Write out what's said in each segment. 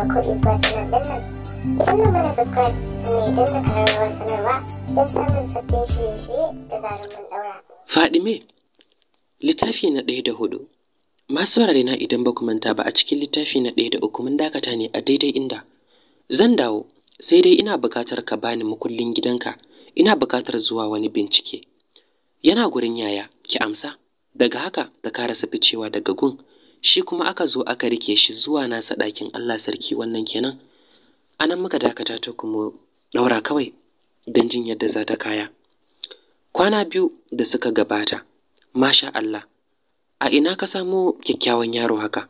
farko izuwa canal din nan ki danna mana subscribe sannan ya danna kararrawar sanarwa don samun sabbin shirye-shirye da zarar mun daura fadime litafi na ɗaya da hudu masu saurare na idan ba ku manta ba a cikin litafi na ɗaya da uku mun dakata ne a daidai inda zan dawo sai dai ina buƙatar ka bani mukullin gidanka ina buƙatar zuwa wani bincike yana gurin yaya ki amsa daga haka ta karasa ficewa daga gun shi kuma aka zo aka rike shi zuwa nasa ɗakin Allah sarki wannan kenan Anan nan muka dakata ta kuma ɗaura kawai don jin yadda za ta kaya kwana biyu da suka gabata masha Allah a ina ka samo kyakkyawan yaro haka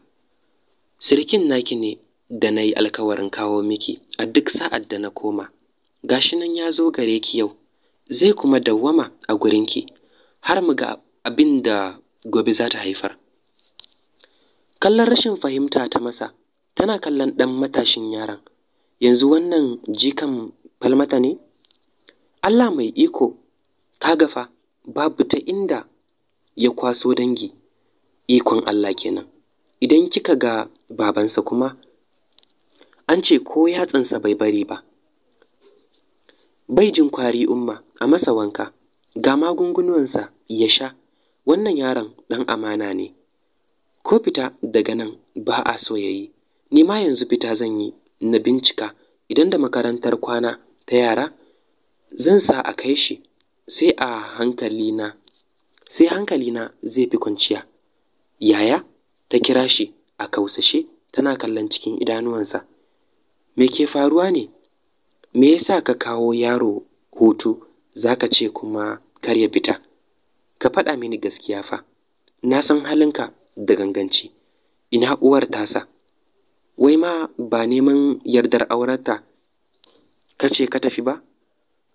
sirikin naki ne da na yi alkawarin kawo miki a duk sa'ad da na koma gashi nan ya zo gare ki yau zai kuma dawwama a gurinki har mu ga abin da gobe za ta haifar Kallon rashin fahimta ta masa, tana kallon ɗan matashin yaran, yanzu wannan jikan falmata ne? Allah mai iko, ka gafa babu ta inda ya kwaso dangi, ikon Allah kenan. Idan kika ga babansa kuma, an ce ko yatsansa bai bari ba. Bai jin kwari umma a masa wanka, ga magungunansa ya sha, wannan yaron ɗan amana ne. ko fita daga nan ba a so ya yi ni ma yanzu fita zan yi na bincika idan da makarantar kwana ta yara zan sa a kai shi sai a hankalina sai hankalina zai fi kwanciya yaya ta kira shi a kausashe tana kallon cikin idanuwansa me ke faruwa ne me yasa ka kawo yaro hutu za ka ce kuma kar ya fita ka faɗa mini gaskiya fa na san halinka da ganganci ina uwar tasa wai ma ba neman yardar aurenta ka ce ka tafi ba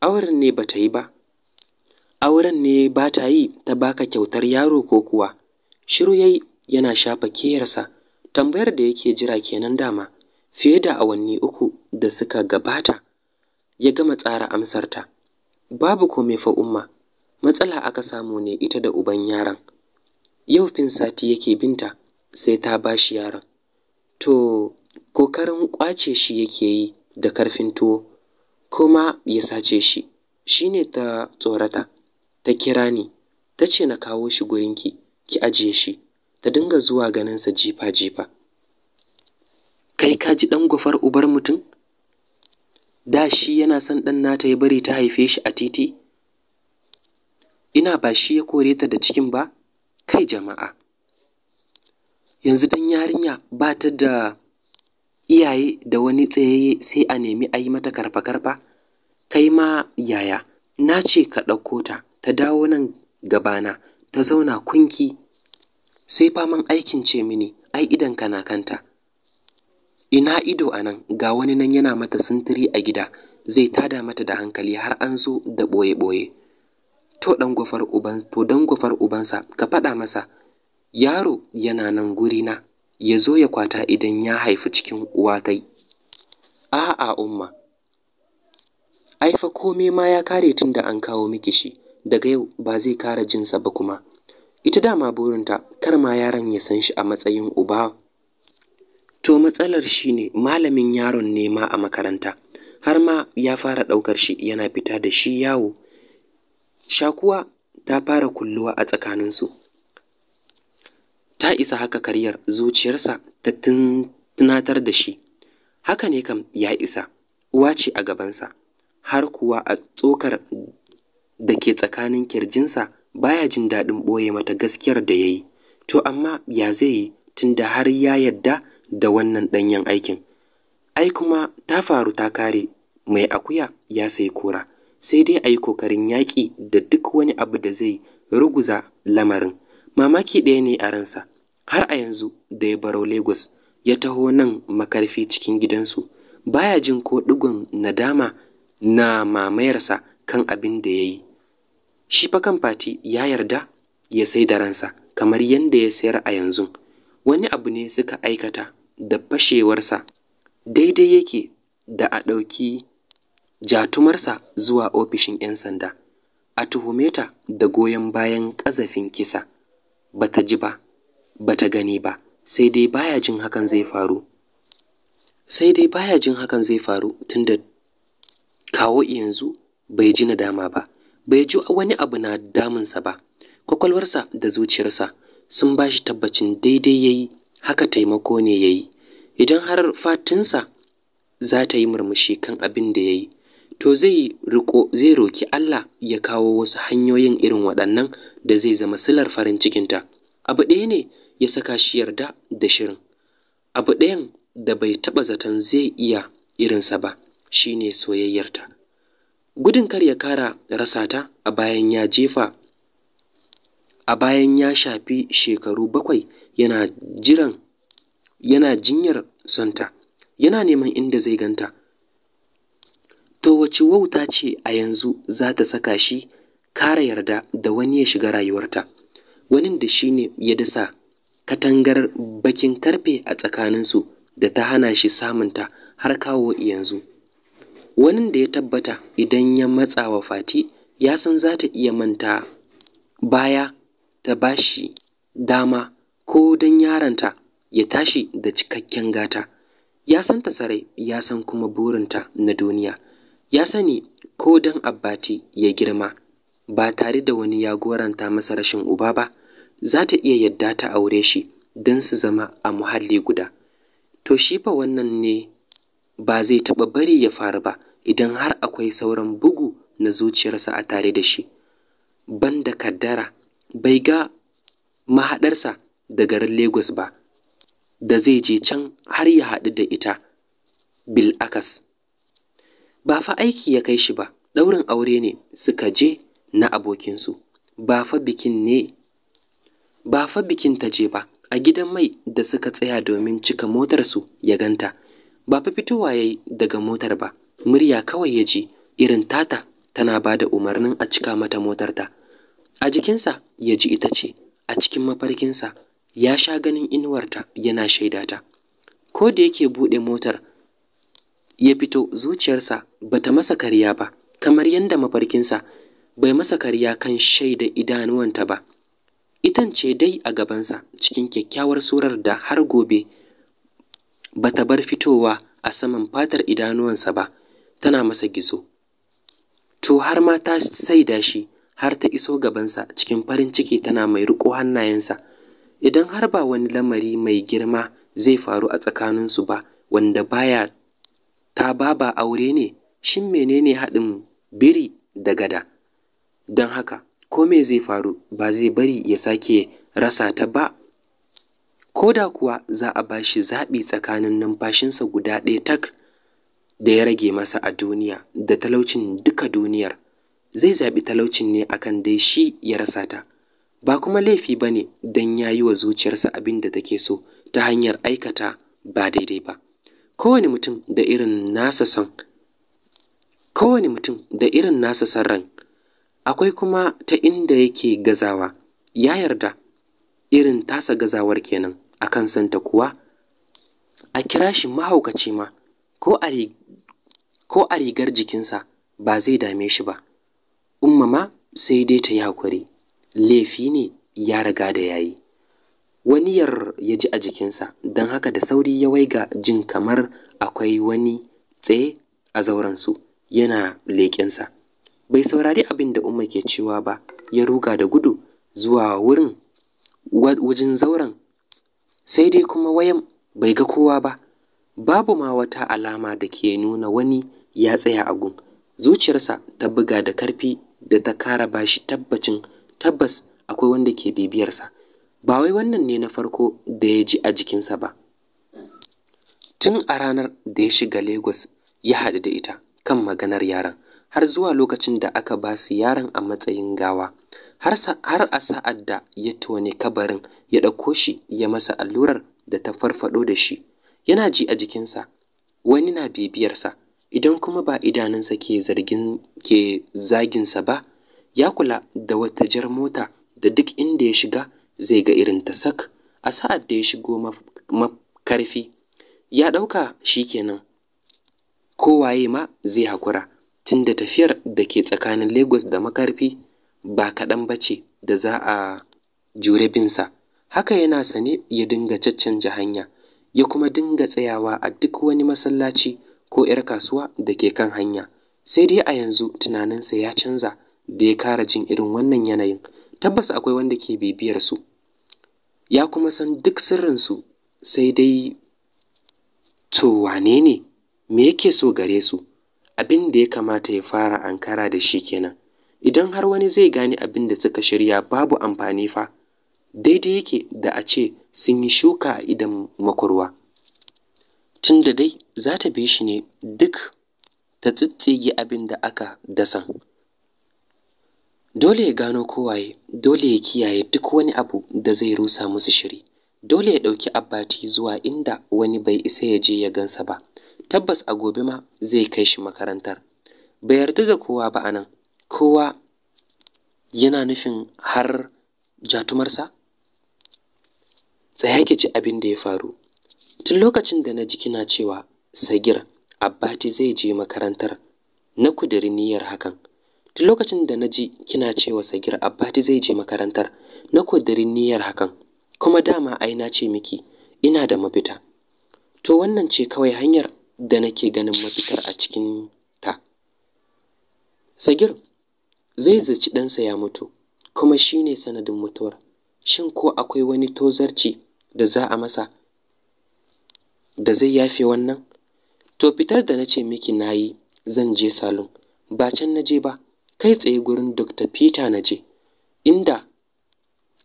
auren ne ba ta yi ba auren ne ba ta yi ta baka kyautar yaro ko kuwa shiru yayi yana shafa kerarsa tambayar da yake jira kenan dama fiye da awanni uku da suka gabata ya gama tsara amsarta babu komai fa umma matsala aka samu ne ita da uban yaron Yau fin sati yake binta sai ta ba shi yaron. To, kokarin kwace shi yake yi da ƙarfin tuwo, kuma ya sace shi, shi ne ta tsorata, ta kira ni, ta ce na kawo shi gurinki, ki ajiye shi, ta dinga zuwa ganinsa jifa-jifa. Kai ka ji ɗan gufar ubar mutum? Da shi yana son ɗan nata ya bari ta haife shi a titi? Ina ba shi ya kore ta da cikin ba? Kai jama'a, yanzu don yarinya ba ta da iyaye da wani tsayaye sai a nemi a yi mata karfa-karfa? Kai ma yaya, na ce ka ɗauko ta, ta dawo nan gabana, ta zauna kunki, sai faman aikin ce mini, ai idan ka na kanta. Ina ido a nan, ga wani nan yana mata sintiri a gida, zai tada mata da hankali har an zo da ɓoye-ɓoye. to dan gwafar uban to dan gwafar ubansa ka faɗa masa yaro yana nan guri na, ya zo ya kwata idan ya haifi cikin uwa uwatai a'a umma ai fa komai ma ya kare tun da an kawo miki shi daga yau ba zai kara jinsa ba kuma ita dama burinta kar ma yaron ya san shi a matsayin uba to matsalar shi ne malamin yaron ne ma a makaranta har ma ya fara ɗaukar shi yana fita da shi yawo shakuwa ta fara kulluwa a tsakaninsu ta isa haka karyar zuciyarsa ta tunatar da shi haka ne kam ya isa uwa ce a gabansa har kuwa a tsokar da ke tsakanin kirjinsa baya jin daɗin ɓoye mata gaskiyar da ya yi to amma ya zai yi tunda har ya yadda da wannan ɗanyen aikin ai kuma ta faru ta kare mai akuya ya sai kura sai dai a yi ƙoƙarin yaƙi da duk wani abu da zai ruguza lamarin mamaki ɗaya ne a ransa har a yanzu da ya baro lagos ya taho nan makarfi cikin gidansu baya jin ko ɗigon nadama na mamayarsa kan abin da ya yi shi fa kan fati ya yarda ya sai da ransa kamar yadda ya sayar a yanzu wani abu ne suka aikata da fashewarsa daidai yake da a ɗauki jatumarsa zuwa ofishin 'yan sanda a tuhume ta da goyon bayan ƙazafin kisa ba ta ji ba ba ta gani ba sai dai baya jin hakan zai faru sai dai baya jin hakan zai faru tunda kawo yanzu bai ji nadama ba bai ji wani abu na damunsa ba kwakwalwarsa da zuciyarsa sun ba shi tabbacin daidai ya yi haka taimako ne ya yi idan har fatinsa za ta yi murmushi kan abin da ya yi to zai riko zai roki Allah ya kawo wasu hanyoyin irin waɗannan da zai zama silar farin cikinta abu ɗaya ne ya saka shi yarda da shirin abu ɗayan da bai taɓa zaton zai iya irinsa ba shine soyayyarta gudun kar ya kara rasa ta a bayan ya jefa a bayan ya shafi shekaru bakwai yana yana jinyar sonta yana neman inda zai ganta To wace wauta ce a yanzu za ta saka shi kara yarda da wani ya shiga rayuwarta, wani da shi ne ya dasa katangar bakin karfe a tsakaninsu da ta hana shi samunta har kawo yanzu. Wani da ya tabbata idan ya matsa wa Fati ya san za ta iya manta baya ta ba shi dama ko don yaranta ya tashi da cikakken gata. Ya san ta sarai, ya san kuma burinta na duniya. Ya sani ko Dan Abbati ya girma ba tare da wani ya goranta masa rashin uba ba, za ta iya yadda ta aure shi don su zama a muhalli guda. To shi fa wannan ne ba zai taɓa bari ya faru ba idan har akwai sauran bugu na zuciyarsa a tare da shi. Banda kaddara bai ga mahaɗarsa da garin Lagos ba, da zai je can har ya haɗu da ita bil'akas. ba fa aiki ya kai shi ba ɗaurin aure ne suka je na abokinsu ba fa bikin ne ba fa bikin ta je ba a gidan mai da suka tsaya domin cika motarsu ya ganta ba fa fitowa ya yi daga motar ba murya kawai ya ji irin tata tana ba da umarnin a cika mata motarta a jikinsa ya ji ita ce a cikin mafarkinsa ya sha ganin inuwarta yana shaidata ko da yake buɗe motar ya fito zuciyarsa ba ta masa karya ba kamar yadda mafarkinsa bai masa karya kan shaida idanuwanta ba itan ce dai a gabansa cikin kyakkyawar surar da har gobe ba ta bar fitowa a saman fatar idanuwansa ba tana masa gizo to har ma ta da shi har ta iso gabansa cikin farin ciki tana mai riko hannayensa idan har ba wani lamari mai girma zai faru a tsakaninsu ba wanda baya Ta ba ba aure ne? Shin menene haɗin biri da gada? Don haka ko me zai faru ba zai bari ya sake rasa ta ba ko da kuwa za a ba shi zaɓi tsakanin numfashinsa guda ɗaya tak da ya rage masa a duniya da talaucin duka duniyar zai zaɓi talaucin ne akan dai shi ya rasa ta ba kuma laifi ba ne don ya yi wa zuciyarsa abin da take so ta hanyar aikata ba daidai ba kowane mutum da irin nasa son kowane mutum da irin nasa son ran akwai kuma ta inda yake gazawa ya yarda irin tasa gazawar kenan a kan santa kuwa a kira shi mahaukaci ma ko a rigar jikinsa ba zai dame shi ba umma ma sai dai ta yi hakuri laifi ne ya riga da yayi Wani yar ya ji a jikinsa don haka da sauri ya waiga jin kamar akwai wani tsaye a zaurensu yana leƙensa bai saurari abin da umma ke cewa ba ya ruga da gudu zuwa wurin wajen zauren sai dai kuma wayan bai ga kowa ba babu ma wata alama da ke nuna wani ya tsaya a gun zuciyarsa ta buga da karfi da ta kara bashi tabbacin tabbas akwai wanda ke bibiyarsa ba wai wannan ne na farko da ya ji a jikinsa ba tun a ranar da ya shiga lagos ya haɗu da ita kan maganar yaran, har zuwa lokacin da aka ba su yaron a matsayin gawa har a sa'ad da ya tone kabarin ya ɗauko shi ya masa allurar da ta farfaɗo da shi yana ji a jikinsa wani na bibiyarsa idan kuma ba idanunsa ke zargin ke zaginsa ba ya kula da wata jar mota da duk inda ya shiga zai ga irin ta sak a sa'ad da ya shigo makarfi ya ɗauka shi kenan kowaye ma zai haƙura tunda tafiyar da ke tsakanin lagos da makarfi ba kaɗan ba ce da za a jure binsa haka yana sane ya dinga caccanja hanya ya kuma dinga tsayawa a duk wani masallaci ko 'yar kasuwa da ke kan hanya sai dai a yanzu tunaninsa ya canza da ya kara jin irin wannan yanayin tabbas akwai wanda ke bibiyar su ya kuma san duk sirrinsu sai dai to wane ne me yake so gare su abin da ya kamata ya fara ankara da shi kenan idan har wani zai gane abin da suka shirya babu amfani fa daidai yake da a ce sun yi shuka a idan makurwa tun da dai za ta bi shi ne duk ta tsitsige abin da aka dasa dole ya gano kowaye dole ya kiyaye duk wani abu da zai rusa musu shiri dole ya ɗauki abbati zuwa inda wani bai isa ya je ya gansa ba tabbas a gobe ma zai kai shi makarantar bai yarda da kowa ba anan kowa yana nufin har jatumarsa tsaya ki ji abin da ya faru tun lokacin da na ji kina cewa sagir abbati zai je makarantar na kudiri niyyar hakan duk lokacin da na ji kina cewa Sagir Abbati zai je makarantar, na ƙudiri niyyar hakan, kuma dama ai na ce miki ina da mafita. To wannan ce kawai hanyar da nake ganin mafitar a cikin ta. Sagir zai zaci ɗansa ya mutu, kuma shi ne sanadin mutuwar. Shin ko akwai wani tozarci da za a masa da zai yafe wannan? To fitar da na ce miki na yi zan je salon, ba can na je ba. kai tsaye gurin Dr. Peter na je, inda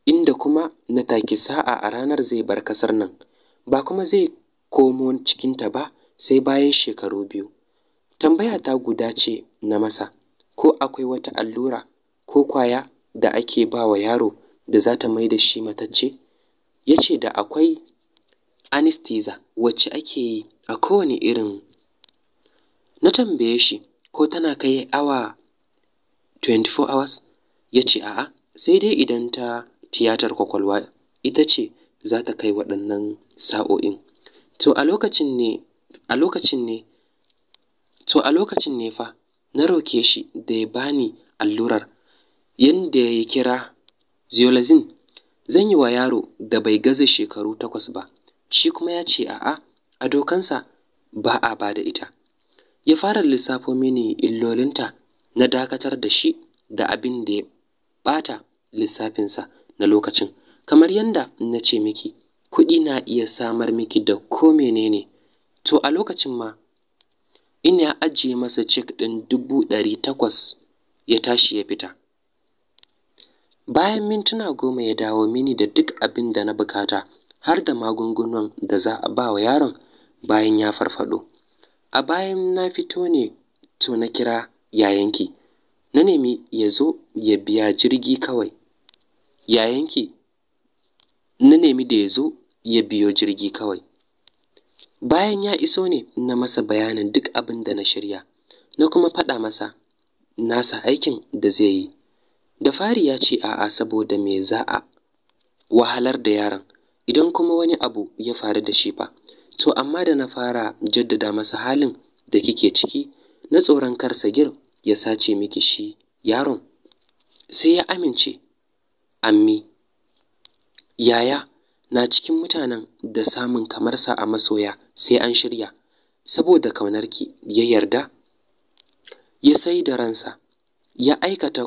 inda kuma na take sa'a a ranar zai bar ƙasar nan, ba kuma zai komo cikinta ba sai bayan shekaru biyu. Tambaya ta guda ce na masa, ko akwai wata allura ko kwaya da ake ba wa yaro da za ta mai da shi matacce? Ya ce da akwai anesthesia wacce ake yi a kowane irin na tambaye shi ko tana kai awa 24 hours? Ya ce a'a, sai dai idan ta tiyatar kwakwalwa ita ce za ta kai waɗannan sa'o'in. To a lokacin ne, fa na roke shi da ya bani allurar yadda ya kira zeolazin zan yi wa yaro da bai gaza shekaru takwas ba shi kuma ya ce a'a a dokansa ba a ba da ita ya fara lissafo mini illolinta na dakatar da shi da abin da ya ɓata lissafinsa na lokacin kamar yadda na ce miki kuɗi na iya samar miki da ko menene to a lokacin ma in ya ajiye masa cek ɗin dubu ɗari takwas ya tashi ya fita bayan mintuna goma ya dawo mini da duk abin da na bukata har da magungunan da za a ba wa yaron bayan ya farfado a bayan na fito ne to na kira yayanki na nemi ya zo ya biya jirgi kawai yayanki na nemi da ya zo ya biyo jirgi kawai bayan ya iso ne na masa bayanin duk abin da na shirya na kuma faɗa masa nasa aikin da zai yi da fari ya ce a'a saboda me za a wahalar da yaron idan kuma wani abu ya faru da shi fa to amma da na fara jaddada masa halin da kike ciki na tsoron kar sagir ya sace miki shi yaron sai ya amince ammi yaya na cikin mutanen da samun kamarsa a masoya sai an shirya saboda kaunarki ya yarda ya sai da ransa ya aikata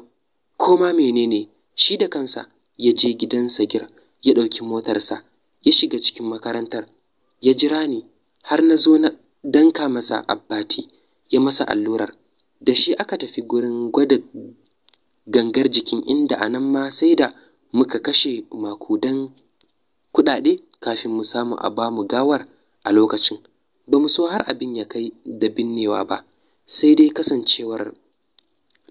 koma menene shi da kansa ya je gidan sagir ya ɗauki motarsa ya shiga cikin makarantar ya jira ni har na zo na danka masa abbati ya masa allurar da shi aka tafi gurin gwada gangar jikin inda a nan ma sai da muka kashe makudan kuɗaɗe kafin mu samu a ba mu gawar a lokacin ba mu so har abin ya kai da binnewa ba sai dai kasancewar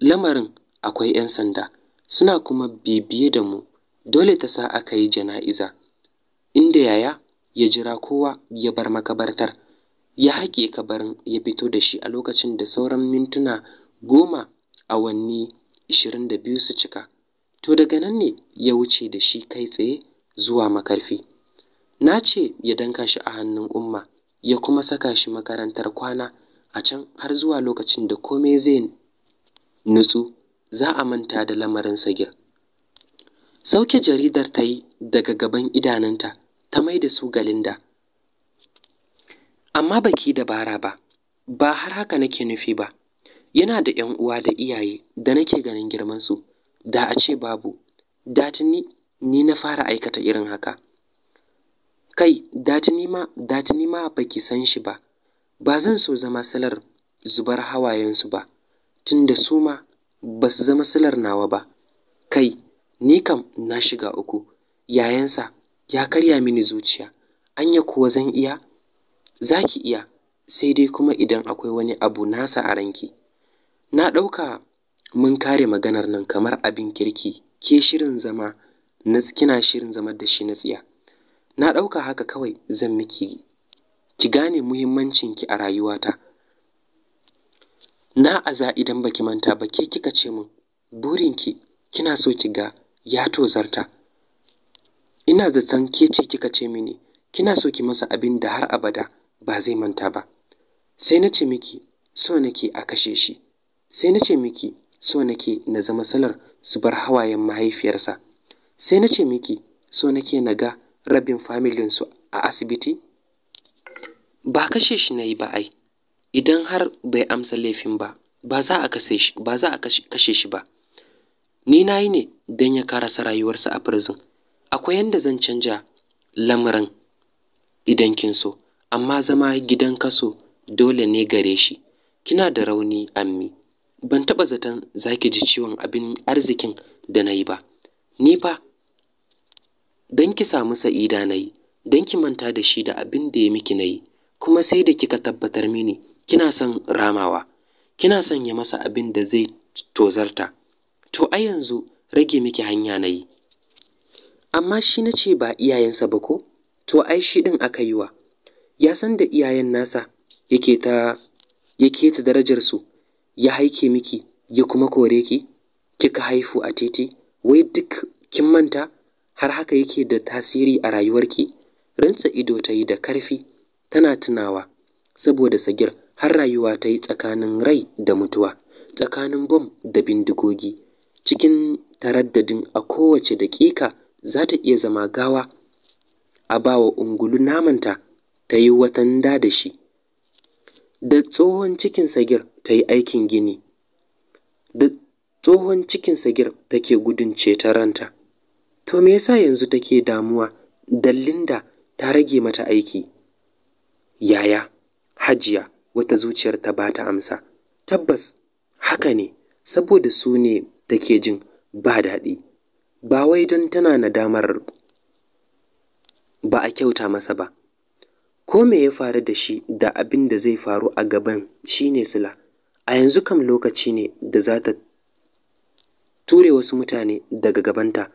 lamarin akwai 'yan sanda suna kuma bibiye da mu dole ta sa aka yi jana'iza inda yaya ya jira kowa ya bar makabartar ya haƙe kabarin ya fito da shi a lokacin da sauran mintuna goma a awanni biyu su cika to daga nan ne ya wuce da shi kai tsaye zuwa makarfi na ce ya danka shi a hannun umma ya kuma saka shi makarantar kwana a can har zuwa lokacin da kome zai nutsu za a manta da lamarin sagir sauke jaridar ta yi daga gaban idanunta ta mai da su galinda amma baki ki dabara ba ba har haka nake nufi ba yana da ‘yan uwa da iyaye da nake ganin girmansu da a ce babu Datini tuni ni na fara aikata irin haka kai da ma da ma ba san shi ba ba zan so zama salar zubar hawayensu ba tunda su ma ba su zama salar nawa ba kai ni kam na shiga uku yayansa ya karya mini zuciya anya kuwa zan iya za ki iya sai dai kuma idan akwai wani abu nasa a ranki na ɗauka mun kare maganar nan kamar abin kirki ke shirin zama na kina shirin zama da shi na tsiya na ɗauka haka kawai zan miki ki gane muhimmancinki a rayuwata na aza idan baki manta ba ke kika ce mun burinki kina so ki ga ya tozarta ina zaton ke ce kika ce mini kina so ki masa abin da har abada ba zai manta ba sai na ce miki so nake a kashe shi sai na ce miki so nake na zama salar zubar hawayen mahaifiyarsa sai na ce miki so nake na ga rabin familinsu a asibiti ba kashe shi na yi ba ai idan har bai amsa laifin ba ba za a kashe shi ba ni na yi ne don ya karasa rayuwarsa a firzin akwai yadda zan canja lamuran idan kin so amma zama gidan kaso dole ne gare shi kina da rauni ammi ban taɓa zaton za ki ji ciwon abin arzikin da na yi ba ni fa don ki samu sa'ida na yi don ki manta da shi da abin da ya miki na yi kuma sai da kika tabbatar mini kina son ramawa kina son ya masa abin da zai tozarta to a yanzu rage miki hanya na yi amma shi na ce ba iyayensa ba ko to ai shi ɗin aka yi wa ya san da iyayen nasa yake ta darajar su darajarsu ya haike miki ya kuma kore ki kika haifu a titi wai duk kin manta har haka yake da tasiri a rayuwarki rinsa ido ta yi da karfi tana tunawa saboda sagir har rayuwa ta yi tsakanin rai da mutuwa tsakanin bom da bindigogi cikin taraddadin a kowace daƙiƙa za ta iya zama gawa a bawa ungulu namanta ta yi watan da da shi da tsohon cikin sagir ta yi aikin gini da tsohon cikin sagir take gudun ta ranta to me yasa yanzu take damuwa dan linda ta rage mata aiki yaya hajiya wata zuciyar ta ba ta amsa tabbas haka ne saboda su ne take jin ba daɗi ba wai don tana nadamar ba a kyauta masa ba Ko me ya faru da shi da abin da zai faru a gaban shi ne sila. A yanzu kam lokaci ne da za ta ture wasu mutane daga gabanta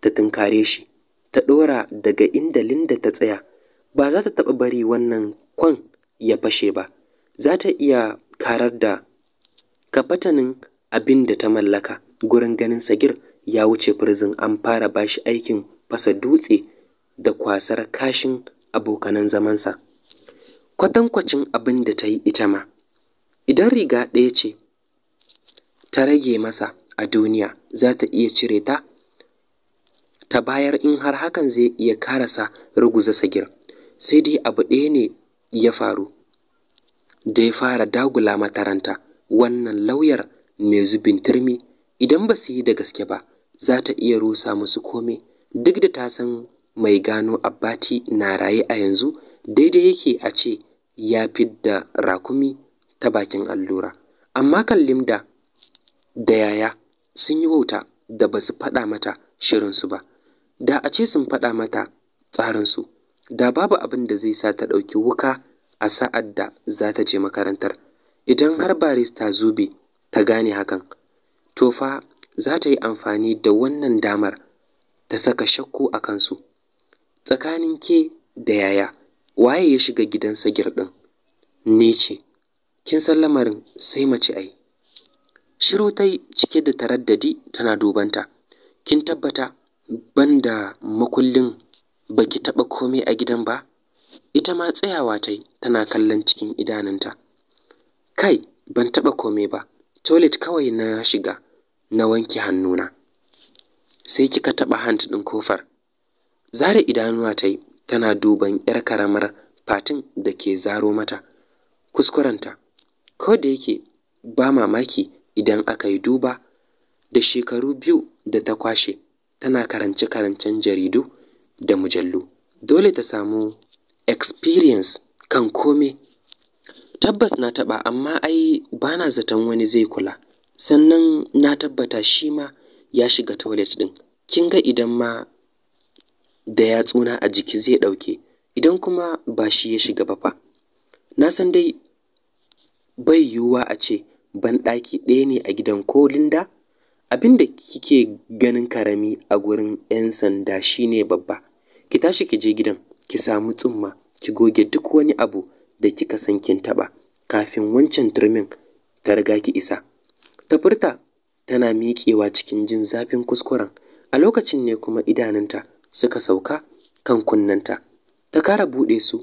ta tunkare shi, ta ɗora daga inda Linda ta tsaya. Ba za ta taɓa bari wannan kwan ya fashe ba, za ta iya karar da kafatanin abin da ta mallaka gurin ganin Sagir ya wuce firzin an fara ba shi aikin fasa dutse da kwasar kashin abokanan zamansa kwatankwacin abin da ta yi ita ma idan riga ɗaya ce ta rage masa a duniya za ta iya cire ta ta bayar in har hakan zai iya karasa ruguza sagir sai dai abu ɗaya ne ya faru da ya fara dagula mataranta wannan lauyar mai zubin turmi idan ba su yi da gaske ba za ta iya rusa musu komai duk da ta san mai gano Abbati na raye a yanzu daidai yake a ce ya da rakumi ta bakin allura. Amma kan limda da Yaya sun yi wauta da ba su faɗa mata shirinsu ba. Da a ce sun faɗa mata tsarinsu, da babu abin da zai sa ta ɗauki wuka a sa'ad da za ta je makarantar. Idan har barista Zube ta gane hakan, to fa za ta yi amfani da wannan damar ta saka shakku a kansu. tsakanin ke da yaya waye ya shiga gidan sagir ɗin ni ce kin san lamarin sai mace ai shiru ta cike da taraddadi tana dubanta kin tabbata banda makullin baki taɓa komai a gidan ba ita ma tsayawa ta tana kallon cikin idanunta kai ban taɓa komai ba toilet kawai na shiga na wanke hannuna sai kika taɓa hand ɗin kofar zare idanuwa ta yi tana duban 'yar karamar fatin da ke zaro mata kuskurenta ko da yake ba mamaki idan aka yi duba da shekaru biyu da ta kwashe tana karance-karancen jaridu da mujallu dole ta samu experience kan kome tabbas na taɓa amma ai bana zaton wani zai kula sannan na tabbata shi ma ya shiga toilet ɗin kin ga idan ma da yatsuna a jiki zai ɗauke idan kuma ba shi ya shiga ba fa na san dai bai yiwuwa a ce banɗaki ɗaya ne a gidan ko linda abin da kike ganin karami a gurin 'yan sanda shine babba ki tashi ki je gidan ki samu tsumma ki goge duk wani abu da kika san kin taɓa kafin wancan turmin ta riga ki isa ta tana miƙewa cikin jin zafin kuskuren a lokacin ne kuma idanunta suka sauka kan kunnanta ta kara buɗe su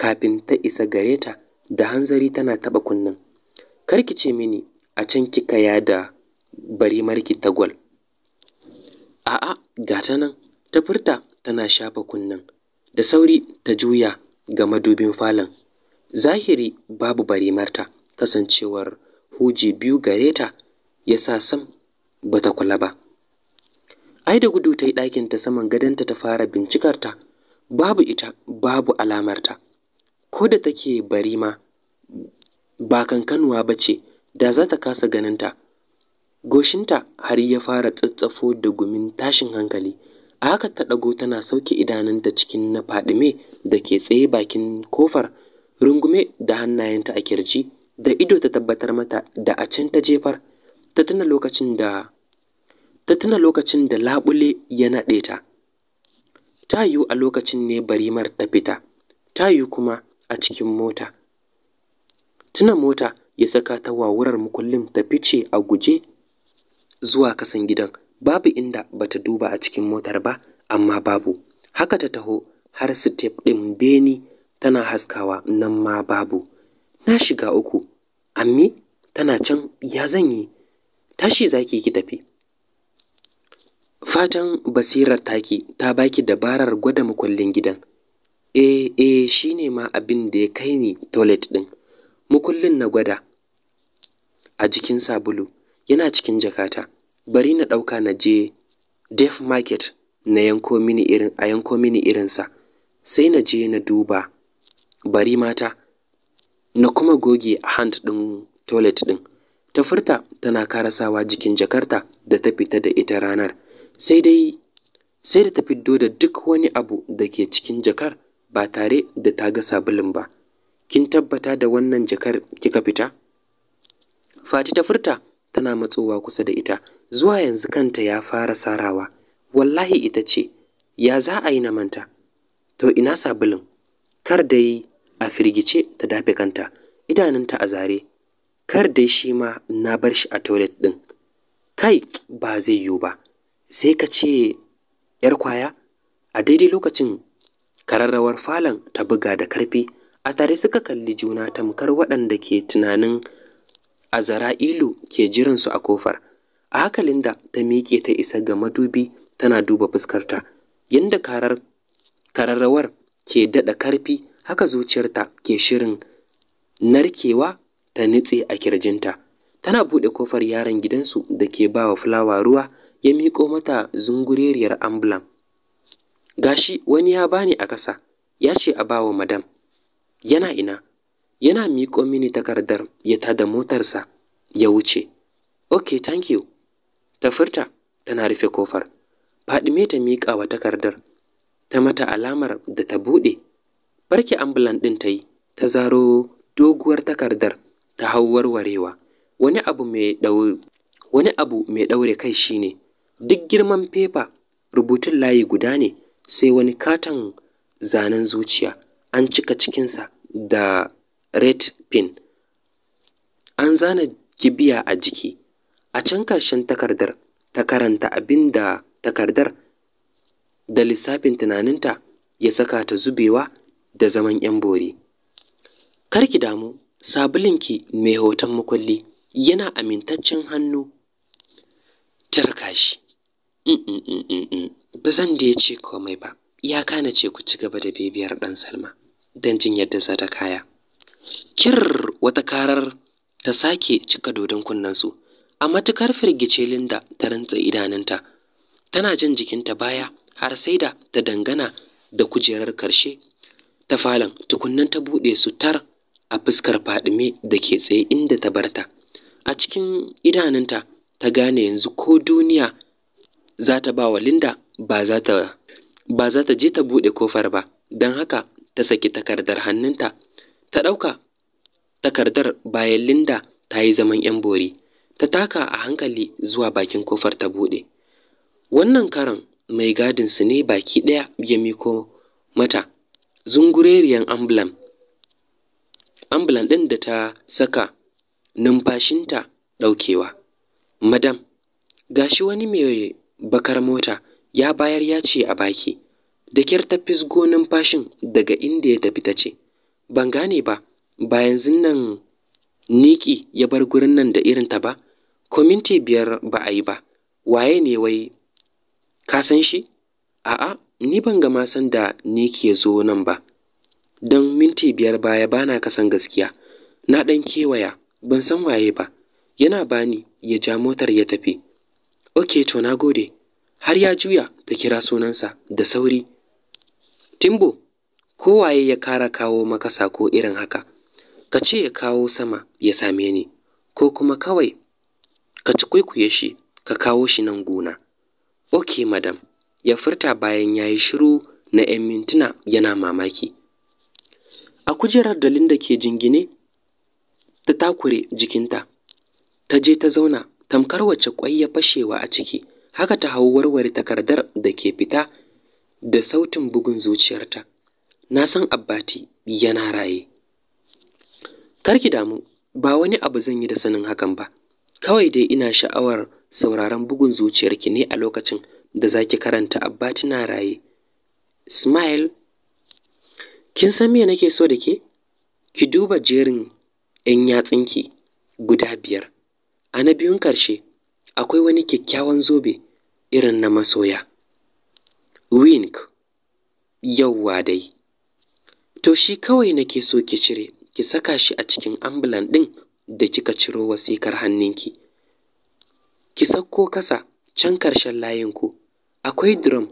kafin ta isa gare ta da hanzari tana taɓa kunnen ki ce mini a can kika yada bari marki tagwal a'a gata nan ta furta tana shafa kunnan da sauri ta juya ga madubin falon zahiri babu barimarta kasancewar huji biyu gare ta ya sa sam bata kula ba ai da gudu ta yi ɗakin ta saman gadonta ta fara bincikarta, babu ita babu alamarta ko da take bari ma ba kankanuwa ba ce da za ta kasa ganinta goshinta har ya fara tsatsafo da gumin tashin hankali a haka ta ɗago tana sauke idanunta cikin na faɗime da ke tsaye bakin kofar rungume da hannayenta a kirji da ido ta tabbatar mata da a can ta jefar ta tuna lokacin da ta tuna lokacin da laɓule ya naɗe ta. Ta yiwu a lokacin ne barimar ta fita, ta yiwu kuma a cikin mota. Tuna mota ya saka ta wawurar mukullin ta fice a guje zuwa kasan gidan. Babu inda ba ta duba a cikin motar ba, amma babu. Haka ta taho har step ɗin beni tana haskawa nan ma babu. Na shiga uku, ammi tana can ya zanyi. Tashi zaki ki tafi. Fatan basirar taki ta baki dabarar gwada makullin gidan. Eh, eh, shine ma abin da ya kai ni toilet ɗin. Makullin na gwada a jikin sabulu yana cikin jakata. Bari na ɗauka na je Def Market na yanko mini irin a yanko mini irinsa. Sai na je na duba bari mata na kuma goge hand ɗin toilet ɗin. Ta furta tana karasawa jikin jakarta da ta fita da ita ranar. sai dai sai da ta fiddo da duk wani abu da ke cikin jakar ba tare da ta ga sabulun ba kin tabbata da wannan jakar kika fita fati ta furta tana matsowa kusa da ita zuwa yanzu kanta ya fara sarawa wallahi ita ce ya za a yi na manta to ina sabulun kar da yi a firgice ta dafe kanta idanunta a zare kar da shi ma na bar shi a toilet ɗin kai ba zai yiwu ba sai ka ce ‘yar kwaya a daidai lokacin kararrawar falon ta buga da karfi a tare suka kalli juna tamkar waɗanda ke tunanin azara'ilu ke jiransu a kofar a hakalin linda ta miƙe ta isa ga madubi tana duba fuskarta yadda karar kararrawar ke daɗa karfi haka zuciyarta ke shirin narkewa ta nitse a kirjinta tana buɗe kofar yaron gidansu da ke ba wa fulawa ruwa ya miƙo mata zungureriyar ambulan. Gashi wani ya bani a ƙasa, ya ce a bawa madam. Yana ina, yana miƙo mini takardar ya tada motarsa ya wuce. Ok, thank you. Ta furta tana rufe kofar. Fadime ta miƙa wa takardar, ta mata alamar da ta buɗe. Barke ambulan ɗin ta yi, ta zaro doguwar takardar ta hau warwarewa. Wani abu mai ɗaure kai shine Duk girman fefa, rubutun layi guda ne, sai wani katon zanen zuciya, an cika cikinsa da red pin. an zana kibiya a jiki. A can ƙarshen takardar, ta karanta abin da takardar da lissafin tunaninta ya saka ta zubewa da zaman 'yan bori. Kar ki damu, sabulinki mai hoton makulli yana amintaccen hannu tarka shi. ba zan da ya ce komai ba ya kana ce ku ci gaba da bibiyar ɗan salma don jin yadda za ta kaya kir wata karar ta sake cika dodon kunnensu a matukar firgice linda ta rantsa idanunta tana jin jikinta baya har sai da ta dangana da kujerar karshe ta falon tukunnan ta buɗe su tar a fuskar fadime da ke tsaye inda ta barta a cikin idanunta ta gane yanzu ko duniya za ta ba wa Linda ba za ta je ta buɗe kofar ba don haka ta saki takardar hannunta ta ɗauka takardar bayan Linda ta yi zaman 'yan bori ta taka a hankali zuwa bakin kofar ta buɗe wannan karon mai gadin su ne baki ɗaya ya miko mata zungureriyan ambulan ambulan ɗin da ta saka numfashinta ɗaukewa madam gashi wani mai bakar mota ya bayar ya ce a baki da kyar ta fisgo numfashin daga inda ya tafi ta ce ban gane ba ba yanzu nan niki ya bar gurin nan da irinta ba kwaminti biyar ba a yi ba waye ne wai ka san shi a'a ni ban ga san da niki ya zo nan ba don minti biyar baya bana kasan gaskiya na ɗan kewaya ban san waye ba yana bani ya ja motar ya tafi Ok to na gode, har ya juya ta kira sunansa da sauri. Timbo, kowaye ya kara kawo makasa ko irin haka, ka ce ya kawo sama ya same ni, ko kuma kawai ka ci kwaikwaye shi ka kawo shi nan gona. Ok madam, ya furta bayan ya yi shiru na ‘yan mintuna yana mamaki. A kujerar da Linda ke jingine, ta takure jikinta, ta je ta zauna tamkar wacce ƙwai ya fashewa a ciki haka ta hau warware takardar da ke fita da sautin bugun zuciyarta na san abbati yana raye karki damu ba wani abu zan yi da sanin hakan ba kawai dai ina sha'awar sauraron bugun zuciyarki ne a lokacin da za ki karanta abbati na raye smile kin san me nake so da ke ki duba jerin 'yan yatsinki guda biyar A na biyun ƙarshe, akwai wani kyakkyawan zobe irin na masoya. Wink, yauwa dai. To shi kawai nake so ki cire, ki saka shi a cikin ambulan ɗin da kika ciro wasikar hannunki. Ki sakko kasa can ƙarshen layinku, akwai drum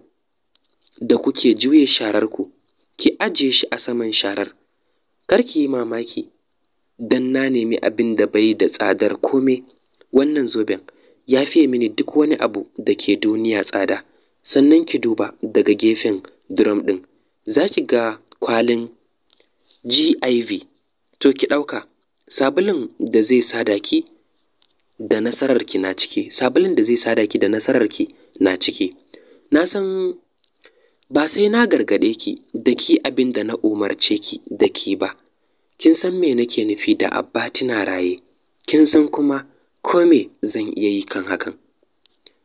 da kuke juye shararku, ki ajiye shi a saman sharar. Kar ki yi mamaki, don na nemi abin da bai da tsadar kome. wannan zoben ya fiye mini duk wani abu da ke duniya tsada sannan ki duba daga gefen drum ɗin za ki ga kwalin giv to ki ɗauka sabulin da zai sada ki da nasararki na ciki sabulin da zai sada ki da nasararki na ciki na san ba sai na gargaɗe ki da ki abin da na umarce ki da ki ba kin san me nake nufi da abba tina raye kin san kuma ko zan iya yi kan hakan?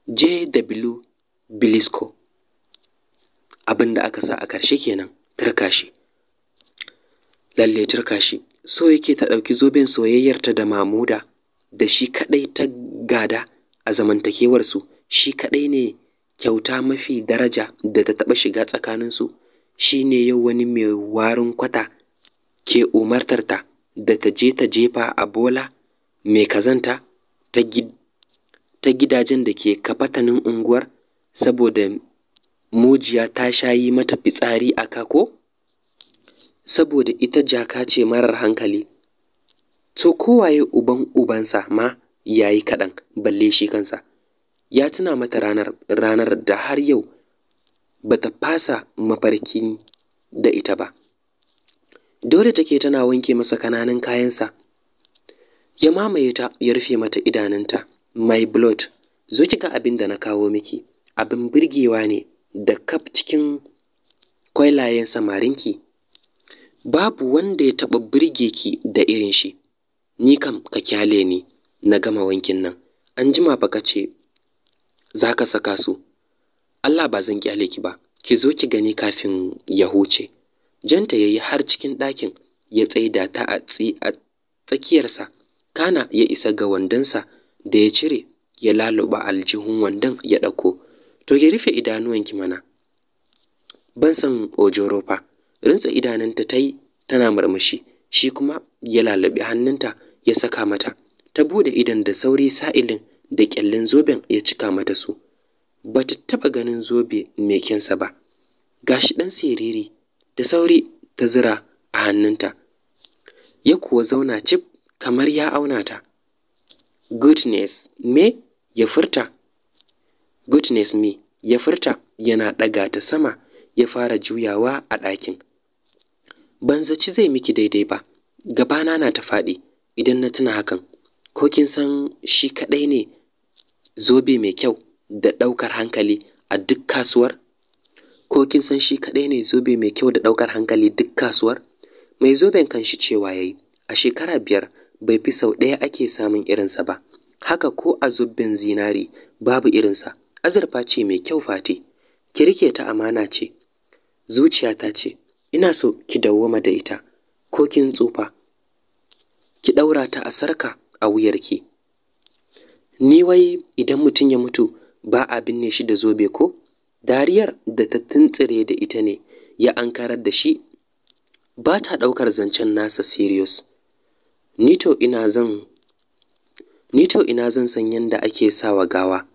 JW Blisco abin da aka sa a ƙarshe kenan turkashi lalle turkashi so yake ta ɗauki zoben soyayyarta da mamuda da shi kaɗai ta gada a zamantakewarsu shi kaɗai ne kyauta mafi daraja da ta taɓa shiga tsakaninsu shi ne yau wani mai warin kwata ke umartarta da ta je ta jefa a bola mai kazanta ta gidajen da ke kafatanin unguwar saboda mujiya ta sha yi mata fitsari a kako. Saboda ita jaka ce marar hankali. To kowaye uban ubansa ma ya yi kaɗan balle shi kansa. Ya tuna mata ranar, ranar da har yau ba ta fasa mafarkin da ita ba. Dole take tana wanke masa kananan kayansa ya mamaye ta ya rufe mata idanunta my blood zo kika ga abin da na kawo miki abin birgewa ne da kaf cikin kwailayen samarinki babu wanda ya taɓa birge ki da irin shi ni kam ka kyale ni na gama wankin nan an jima baka ce za ka saka su Allah ba zan kyale ki ba ki zo ki gani kafin ya huce janta yayi har cikin ɗakin ya tsaida ta a tsakiyarsa kana ya isa ga wandonsa da ya cire ya laluba aljihun wandon ya ɗauko to ya rufe idanuwanki mana ban san ojoro fa rintsa idanunta ta yi tana murmushi shi kuma ya lalube hannunta ya saka mata ta bude idan da sauri sa'ilin da ƙyallin zoben ya cika mata su ba ta taɓa ganin zobe mai kyansa ba gashi ɗan siriri da sauri ta zira a hannunta ya kuwa zauna cif kamar ya auna ta goodness me ya furta goodness me ya furta yana ɗaga ta sama ya fara juyawa a ɗakin ban zaci zai miki daidai ba gabana na ta faɗi idan na tuna hakan ko kin san shi kaɗai ne zobe mai kyau da ɗaukar hankali a duk kasuwar ko kin san shi kaɗai ne zobe mai kyau da ɗaukar hankali duk kasuwar mai zoben kan shi cewa ya yi a shekara biyar bai fi sau ɗaya ake samun irinsa ba haka ko a zubbin zinari babu irinsa azurfa ce mai kyau fati ki rike ta amana ce zuciyata ce ina so ki dawwama da ita ko kin tsufa ki ɗaura ta a sarka a wuyar ki. ni wai idan mutum ya mutu ba a binne shi da zobe ko dariyar da ta tuntsire da ita ne ya ankarar da shi ba ta ɗaukar zancen nasa sirius Ni to ina zan san yadda ake sa wa gawa,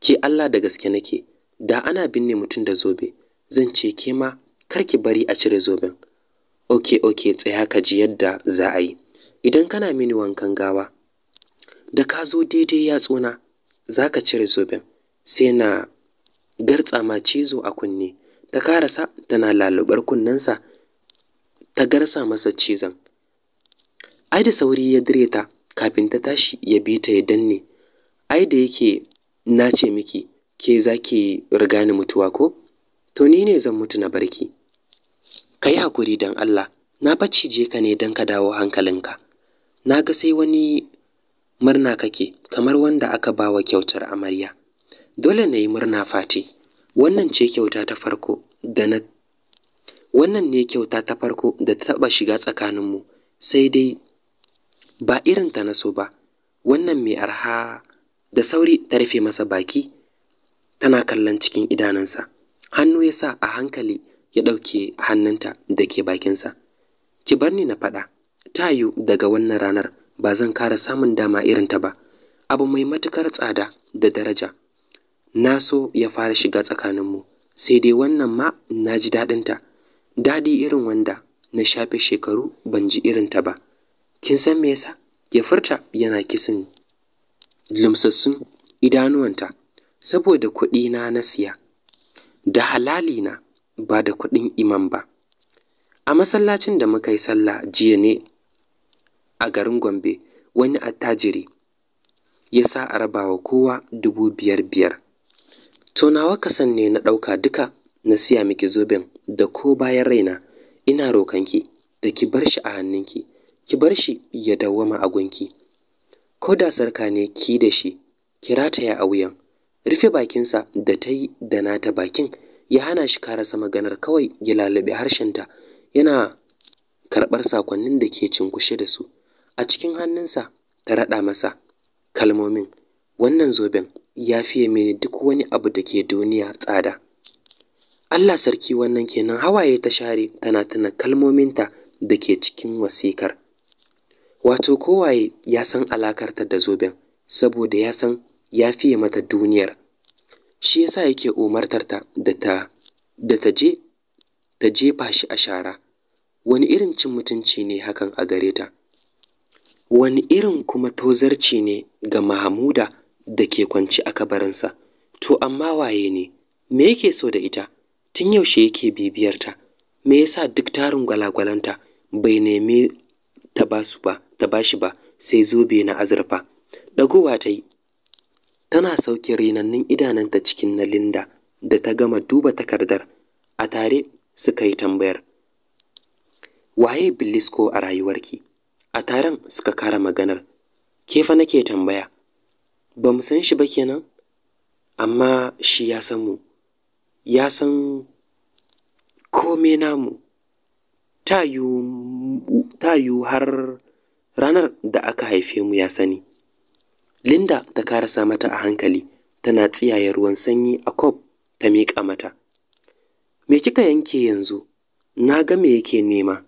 ke Allah da gaske nake, da ana binne mutum da zobe, zan ce ke ma kar ki bari a cire zoben. Oke-oke tsaya ka ji yadda za a yi. Idan kana mini wankan gawa, da ka zo daidai yatsuna, za ka cire zoben, sai na gartsa ma cizo a kunne, ta karasa tana lalubar kunnensa, ta garsa masa cizon. ai da sauri ya dire ta kafin ta tashi ya bi ta ya danne ai da yake na ce miki ke za ki riga ni mutuwa ko to ni ne zan mutu na barki ka yi hakuri don allah na bacci je ka ne don ka dawo hankalinka na ga sai wani murna kake kamar wanda aka ba wa kyautar amarya dole na yi murna fati wannan ce kyauta ta farko da na wannan ne kyauta ta farko da ta taɓa shiga tsakaninmu sai dai ba irin ta na so ba wannan mai arha da sauri ta rufe masa baki tana kallon cikin idanunsa hannu ya sa a hankali ya ɗauke hannunta da ke bakinsa ki bar ni na faɗa ta yiwu daga wannan ranar ba zan kara samun dama irin ta ba abu mai matukar tsada da daraja na so ya fara shiga tsakaninmu sai dai wannan ma na ji daɗinta daɗi irin wanda na shafe shekaru ban ji irinta ba kin san me yasa ke furta yana kisin lumsassun idanuwanta saboda kuɗi na na siya da halali na ba da kuɗin imam ba a masallacin da muka yi sallah jiya ne a garin gombe wani attajiri ya sa a rabawa kowa dubu biyar biyar to nawa san ne na ɗauka duka na siya miki zoben da ko bayan raina ina rokanki da ki bar shi a hannunki ki bar shi ya dawwama a gunki ko da sarka ne ki da shi ki rataya a wuyan rufe bakinsa da ta yi da nata bakin ya hana shi karasa maganar kawai ya lalube harshenta yana karɓar sakonnin da ke cinkushe da su a cikin hannunsa ta raɗa masa kalmomin wannan zoben ya fiye mini duk wani abu da ke duniya tsada Allah sarki wannan kenan hawaye ta share tana tana kalmominta da ke cikin wasikar Wato kowaye ya san alakarta da zoben saboda ya san ya fiye mata duniyar, shi yasa sa yake umartarta da ta je ta jefa shi a shara. Wani irin cin mutunci ne hakan a gare ta? Wani irin kuma tozarci ne ga Mahamuda da ke kwance a kabarinsa? To amma waye ne? Me yake so da ita? Tun yaushe yake bibiyarta? Me yasa duk tarin gwalagwalanta bai nemi ta basu ba? ta ba shi ba sai zobe na azurfa ɗagowa ta yi tana sauke rinannun idananta cikin na linda da ta gama duba takardar a tare suka yi tambayar waye bilisko a rayuwarki a taron suka kara maganar ke fa nake tambaya ba mu san shi ba kenan amma shi ya san mu ya san kome namu ta yiwu har ranar da aka haife mu ya sani linda ta karasa mata a hankali tana tsiyaye ruwan sanyi a kof ta miƙa mata me kika yanke yanzu na ga me yake nema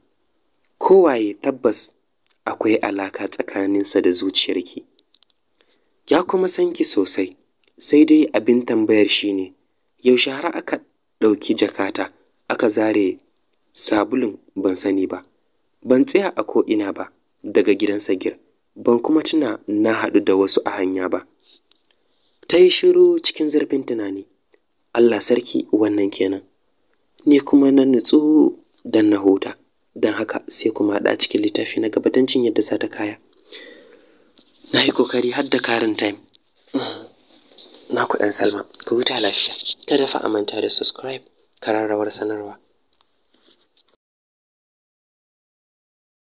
kowaye tabbas akwai alaka tsakaninsa da zuciyarki ya kuma san ki sosai sai dai abin tambayar shi ne yaushe har aka ɗauki jakata aka zare sabulun ban sani ba ban tsaya a ko'ina ba daga gidan Sagir, ban kuma tuna na haɗu da wasu a hanya ba. Ta yi shiru cikin zurfin tunani, Allah sarki wannan kenan. Ni kuma na nutsu don na huta, don haka sai kuma haɗa cikin littafi na gabatancin yadda za ta kaya. Na yi kokari har da karin time. Na kuɗin Salma, ku huta lafiya, ta dafa amanta da subscribe, kararrawar sanarwa.